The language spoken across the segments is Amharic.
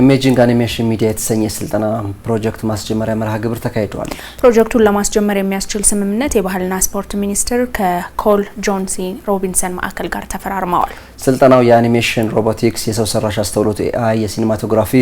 ኢሜጂንግ አኒሜሽን ሚዲያ የተሰኘ የስልጠና ፕሮጀክት ማስጀመሪያ መርሃ ግብር ተካሂደዋል። ፕሮጀክቱን ለማስጀመር የሚያስችል ስምምነት የባህልና ስፖርት ሚኒስቴር ከኮል ጆንሲ ሮቢንሰን ማዕከል ጋር ተፈራርመዋል። ስልጠናው የአኒሜሽን፣ ሮቦቲክስ፣ የሰው ሰራሽ አስተውሎት፣ ኤአይ፣ የሲኒማቶግራፊ፣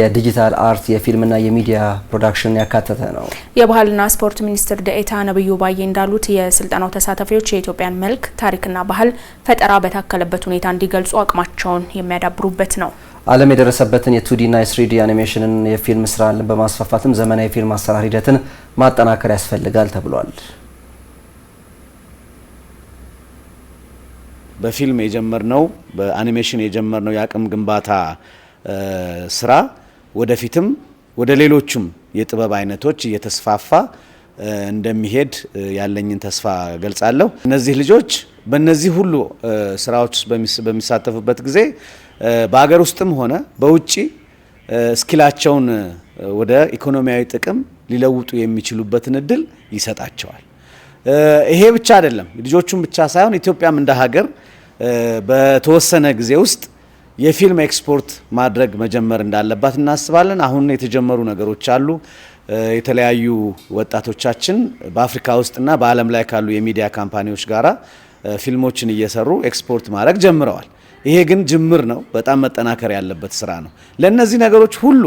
የዲጂታል አርት፣ የፊልምና የሚዲያ ፕሮዳክሽን ያካተተ ነው። የባህልና ስፖርት ሚኒስትር ደኤታ ነብዩ ባዬ እንዳሉት የስልጠናው ተሳታፊዎች የኢትዮጵያን መልክ፣ ታሪክና ባህል ፈጠራ በታከለበት ሁኔታ እንዲገልጹ አቅማቸውን የሚያዳብሩበት ነው። ዓለም የደረሰበትን የቱዲና የስሪዲ አኒሜሽንን የፊልም ስራን በማስፋፋትም ዘመናዊ የፊልም አሰራር ሂደትን ማጠናከር ያስፈልጋል ተብሏል። በፊልም የጀመርነው በአኒሜሽን የጀመርነው የአቅም ግንባታ ስራ ወደፊትም ወደ ሌሎችም የጥበብ አይነቶች እየተስፋፋ እንደሚሄድ ያለኝን ተስፋ ገልጻለሁ። እነዚህ ልጆች በእነዚህ ሁሉ ስራዎች ውስጥ በሚሳተፉበት ጊዜ በሀገር ውስጥም ሆነ በውጭ ስኪላቸውን ወደ ኢኮኖሚያዊ ጥቅም ሊለውጡ የሚችሉበትን እድል ይሰጣቸዋል። ይሄ ብቻ አይደለም። ልጆቹም ብቻ ሳይሆን ኢትዮጵያም እንደ ሀገር በተወሰነ ጊዜ ውስጥ የፊልም ኤክስፖርት ማድረግ መጀመር እንዳለባት እናስባለን። አሁን የተጀመሩ ነገሮች አሉ። የተለያዩ ወጣቶቻችን በአፍሪካ ውስጥና በዓለም ላይ ካሉ የሚዲያ ካምፓኒዎች ጋራ ፊልሞችን እየሰሩ ኤክስፖርት ማድረግ ጀምረዋል። ይሄ ግን ጅምር ነው፣ በጣም መጠናከር ያለበት ስራ ነው። ለእነዚህ ነገሮች ሁሉ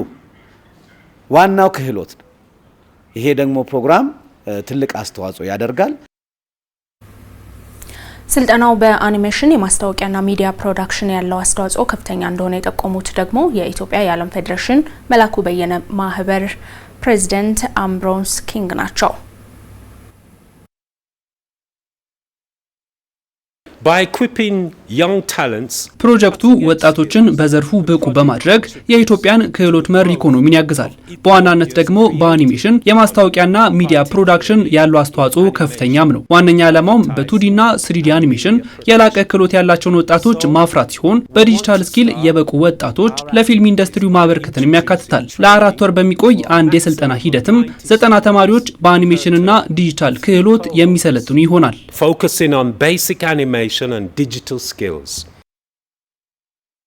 ዋናው ክህሎት ነው። ይሄ ደግሞ ፕሮግራም ትልቅ አስተዋጽኦ ያደርጋል። ስልጠናው በአኒሜሽን የማስታወቂያና ሚዲያ ፕሮዳክሽን ያለው አስተዋጽኦ ከፍተኛ እንደሆነ የጠቆሙት ደግሞ የኢትዮጵያ የዓለም ፌዴሬሽን መላኩ በየነ ማህበር ፕሬዚደንት አምብሮንስ ኪንግ ናቸው። ፕሮጀክቱ ወጣቶችን በዘርፉ ብቁ በማድረግ የኢትዮጵያን ክህሎት መር ኢኮኖሚን ያግዛል። በዋናነት ደግሞ በአኒሜሽን የማስታወቂያና ሚዲያ ፕሮዳክሽን ያለው አስተዋጽኦ ከፍተኛም ነው። ዋነኛ ዓላማውም በቱዲና ስሪዲ አኒሜሽን የላቀ ክህሎት ያላቸውን ወጣቶች ማፍራት ሲሆን በዲጂታል ስኪል የበቁ ወጣቶች ለፊልም ኢንዱስትሪው ማበርከትንም ያካትታል። ለአራት ወር በሚቆይ አንድ የስልጠና ሂደትም ዘጠና ተማሪዎች በአኒሜሽንና ዲጂታል ክህሎት የሚሰለጥኑ ይሆናል። information and digital skills.